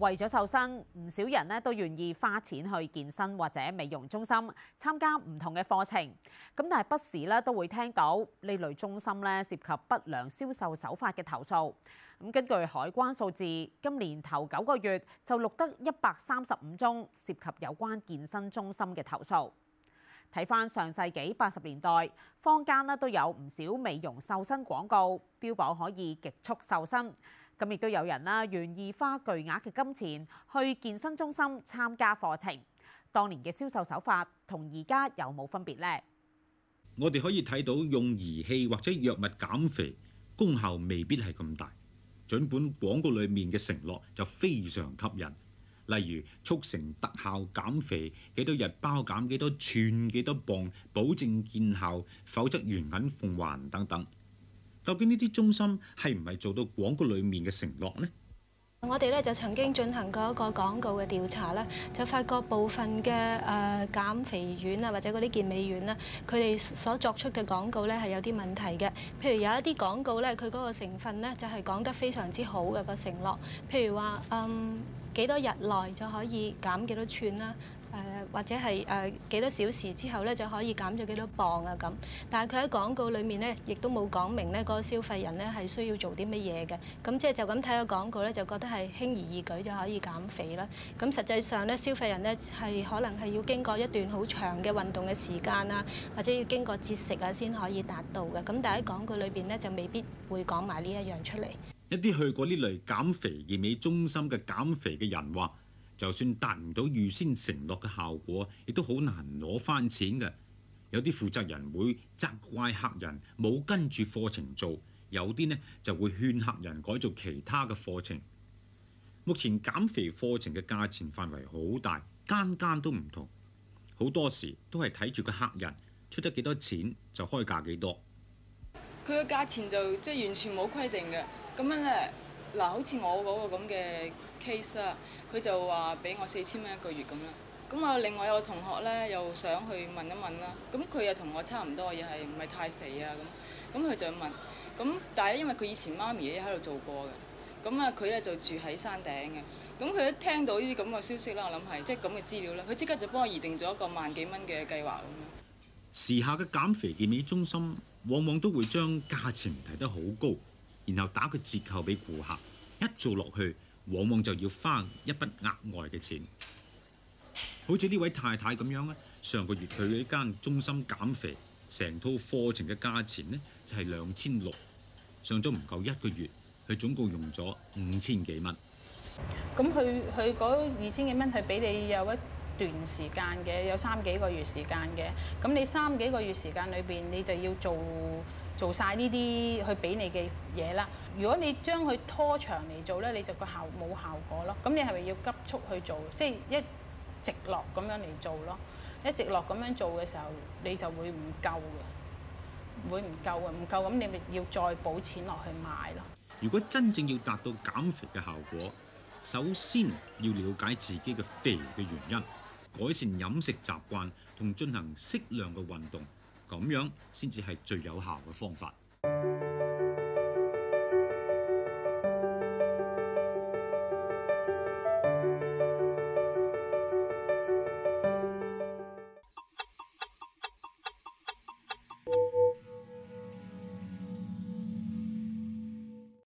為咗瘦身，唔少人呢都願意花錢去健身或者美容中心參加唔同嘅課程。咁但係不時呢都會聽到呢類中心呢涉及不良銷售手法嘅投訴。咁根據海關數字，今年頭九個月就錄得一百三十五宗涉及有關健身中心嘅投訴。睇返上世紀八十年代，坊間呢都有唔少美容瘦身廣告，標榜可以極速瘦身。咁亦都有人啦，願意花巨額嘅金錢去健身中心參加課程。當年嘅銷售手法同而家有冇分別呢？我哋可以睇到用儀器或者藥物減肥，功效未必係咁大。準本廣告裡面嘅承諾就非常吸引，例如速成特效減肥、幾多日包減幾多寸幾多磅、保證見效，否則原銀奉還等等。究竟呢啲中心係唔係做到廣告裡面嘅承諾呢？我哋咧就曾經進行過一個廣告嘅調查咧，就發覺部分嘅誒、呃、減肥院啊或者嗰啲健美院咧，佢哋所作出嘅廣告咧係有啲問題嘅。譬如有一啲廣告咧，佢嗰個成分咧就係、係、講得非常之好嘅、嗰個承諾，譬如話嗯幾多日內就可以減幾多寸啦。誒或者係誒、呃、幾多小時之後咧就可以減咗幾多磅啊咁，但係佢喺廣告裏面咧，亦都冇講明咧嗰、那個消費人咧係需要做啲乜嘢嘅，咁即係就咁睇個廣告咧，就覺得係輕而易舉就可以減肥啦。咁實際上咧，消費人咧係可能係要經過一段好長嘅運動嘅時間啦，或者要經過節食啊先可以達到嘅。咁但係喺廣告裏邊咧就未必會講埋呢一樣出嚟。一啲去過呢類減肥健美中心嘅減肥嘅人話，就算達唔到預先承諾嘅效果，亦都好難攞翻錢嘅。有啲負責人會責怪客人冇跟住課程做，有啲呢就會勸客人改做其他嘅課程。目前減肥課程嘅價錢範圍好大，間間都唔同，好多時都係睇住個客人出得幾多錢就開價幾多。佢嘅價錢就即係完全冇規定嘅。咁樣咧，嗱，好似我嗰個咁嘅。case 啦，佢就話俾我四千蚊一個月咁啦。咁啊，另外有個同學咧，又想去問一問啦。咁佢又同我差唔多，又係唔係太肥啊咁。咁佢就問咁，但係因為佢以前媽咪喺度做過嘅，咁啊佢咧就住喺山頂嘅。咁佢一聽到呢啲咁嘅消息啦，我諗係即係咁嘅資料啦，佢即刻就幫我擬定咗一個萬幾蚊嘅計劃咁樣。時下嘅減肥健美中心往往都會將價錢提得好高，然後打個折扣俾顧客一做落去。往往就要花一筆額外嘅錢，好似呢位太太咁樣呢，上個月去一間中心減肥，成套課程嘅價錢呢就係兩千六，上咗唔夠一個月，佢總共用咗五千幾蚊。咁佢佢嗰二千幾蚊，佢俾你有一段時間嘅，有三幾個月時間嘅。咁你三幾個月時間裏邊，你就要做。做曬呢啲去俾你嘅嘢啦。如果你將佢拖長嚟做呢，你就個效冇效果咯。咁你係咪要急速去做，即係一直落咁樣嚟做咯？一直落咁樣做嘅時候，你就會唔夠嘅，會唔夠嘅，唔夠咁你咪要再補錢落去買咯。如果真正要達到減肥嘅效果，首先要了解自己嘅肥嘅原因，改善飲食習慣同進行適量嘅運動。咁樣先至係最有效嘅方法。